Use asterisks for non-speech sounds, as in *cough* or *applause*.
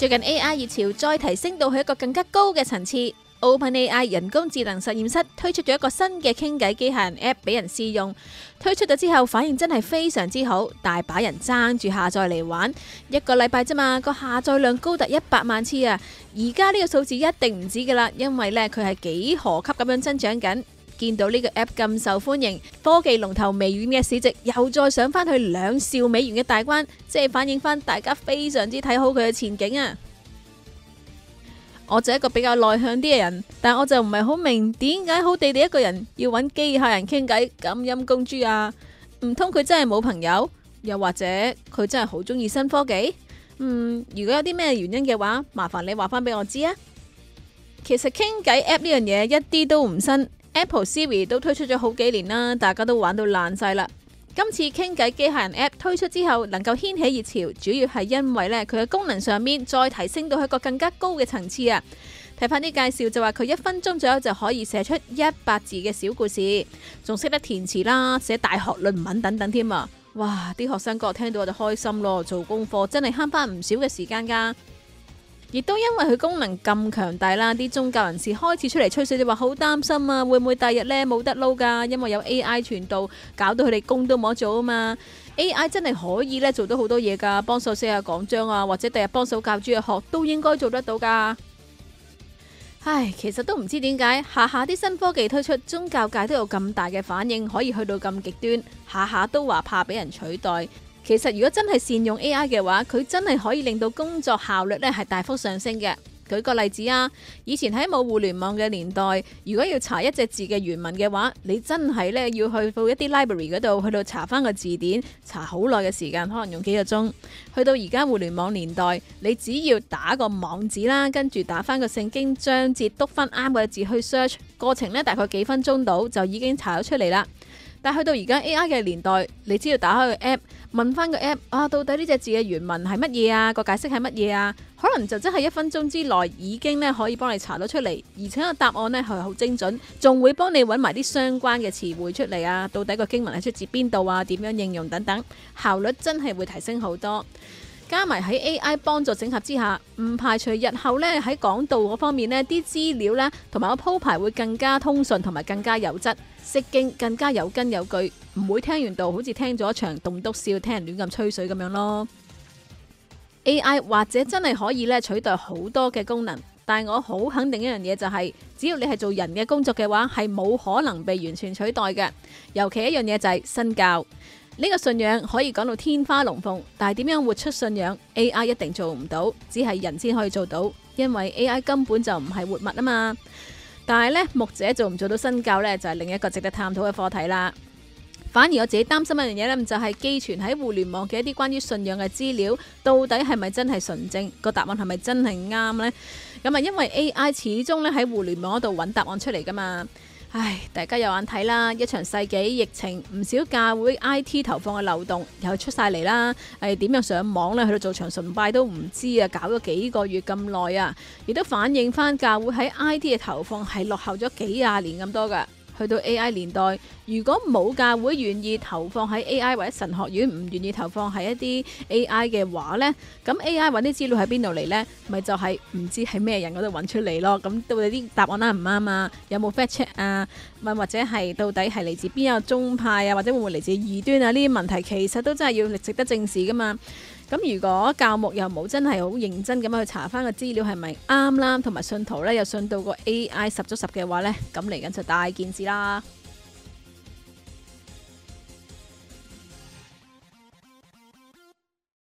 最近 A.I. 熱潮再提升到去一個更加高嘅層次，OpenAI 人工智能實驗室推出咗一個新嘅傾偈機械人 App 俾人試用。推出咗之後，反應真係非常之好，大把人爭住下載嚟玩。一個禮拜啫嘛，個下載量高達一百萬次啊！而家呢個數字一定唔止噶啦，因為呢，佢係幾何級咁樣增長緊。見到呢個 app 咁受歡迎，科技龍頭微軟嘅市值又再上翻去兩兆美元嘅大關，即係反映翻大家非常之睇好佢嘅前景啊！ *music* 我就一個比較內向啲嘅人，但我就唔係好明點解好地地一個人要揾機械人傾偈，咁陰公豬啊！唔通佢真係冇朋友，又或者佢真係好中意新科技？嗯，如果有啲咩原因嘅話，麻煩你話翻俾我知啊！其實傾偈 app 呢樣嘢一啲都唔新。Apple Siri 都推出咗好幾年啦，大家都玩到爛晒啦。今次傾偈機械人 App 推出之後，能夠掀起熱潮，主要係因為咧，佢嘅功能上面再提升到一個更加高嘅層次啊！睇翻啲介紹就話佢一分鐘左右就可以寫出一百字嘅小故事，仲識得填詞啦、寫大學論文等等添啊！哇，啲學生哥聽到我就開心咯，做功課真係慳翻唔少嘅時間噶。亦都因為佢功能咁強大啦，啲宗教人士開始出嚟吹水，就話好擔心啊，會唔會第日呢冇得撈噶？因為有 AI 傳道，搞到佢哋工都冇得做啊嘛。AI 真係可以呢做到好多嘢噶，幫手寫下講章啊，或者第日幫手教主日學都應該做得到噶。唉，其實都唔知點解下下啲新科技推出，宗教界都有咁大嘅反應，可以去到咁極端，下下都話怕俾人取代。其實如果真係善用 AI 嘅話，佢真係可以令到工作效率呢係大幅上升嘅。舉個例子啊，以前喺冇互聯網嘅年代，如果要查一隻字嘅原文嘅話，你真係呢要去到一啲 library 嗰度去到查翻個字典，查好耐嘅時間，可能用幾個鐘。去到而家互聯網年代，你只要打個網址啦，跟住打翻個聖經章節，篤翻啱嘅字去 search，過程呢大概幾分鐘到就已經查咗出嚟啦。但去到而家 A.I. 嘅年代，你只要打開個 app，問翻個 app 啊，到底呢隻字嘅原文係乜嘢啊？個解釋係乜嘢啊？可能就真係一分鐘之內已經咧可以幫你查到出嚟，而且個答案咧係好精準，仲會幫你揾埋啲相關嘅詞彙出嚟啊！到底個經文係出自邊度啊？點樣應用等等，效率真係會提升好多。加埋喺 A.I. 幫助整合之下，唔排除日後咧喺講道嗰方面呢啲資料呢，同埋個鋪排會更加通順同埋更加有質。識經更加有根有據，唔會聽完到好似聽咗一場棟篤笑，聽人亂咁吹水咁樣咯。AI 或者真係可以咧取代好多嘅功能，但係我好肯定一樣嘢就係，只要你係做人嘅工作嘅話，係冇可能被完全取代嘅。尤其一樣嘢就係身教呢個信仰可以講到天花龍鳳，但係點樣活出信仰，AI 一定做唔到，只係人先可以做到，因為 AI 根本就唔係活物啊嘛。但係咧，牧者做唔做到新教呢，就係、是、另一個值得探討嘅課題啦。反而我自己擔心一樣嘢呢，就係、是、寄存喺互聯網嘅一啲關於信仰嘅資料，到底係咪真係純正？個答案係咪真係啱呢？咁啊，因為 AI 始終咧喺互聯網嗰度揾答案出嚟噶嘛。唉，大家有眼睇啦！一場世紀疫情，唔少教會 IT 投放嘅漏洞又出晒嚟啦。誒、呃、點樣上網咧？去到做場崇拜都唔知啊！搞咗幾個月咁耐啊，亦都反映翻教會喺 IT 嘅投放係落後咗幾廿年咁多嘅。去到 AI 年代，如果冇教會願意投放喺 AI，或者神學院唔願意投放喺一啲 AI 嘅話呢，咁 AI 揾啲資料喺邊度嚟呢？咪就係唔知喺咩人嗰度揾出嚟咯。咁到底啲答案啱唔啱啊？有冇 fact check 啊？咪或者係到底係嚟自邊個宗派啊？或者會唔會嚟自異端啊？呢啲問題其實都真係要值得正視㗎嘛。咁如果教牧又冇真係好認真咁去查翻個資料係咪啱啦，同埋信徒咧又信到個 AI 十足十嘅話呢，咁嚟緊就大件事啦。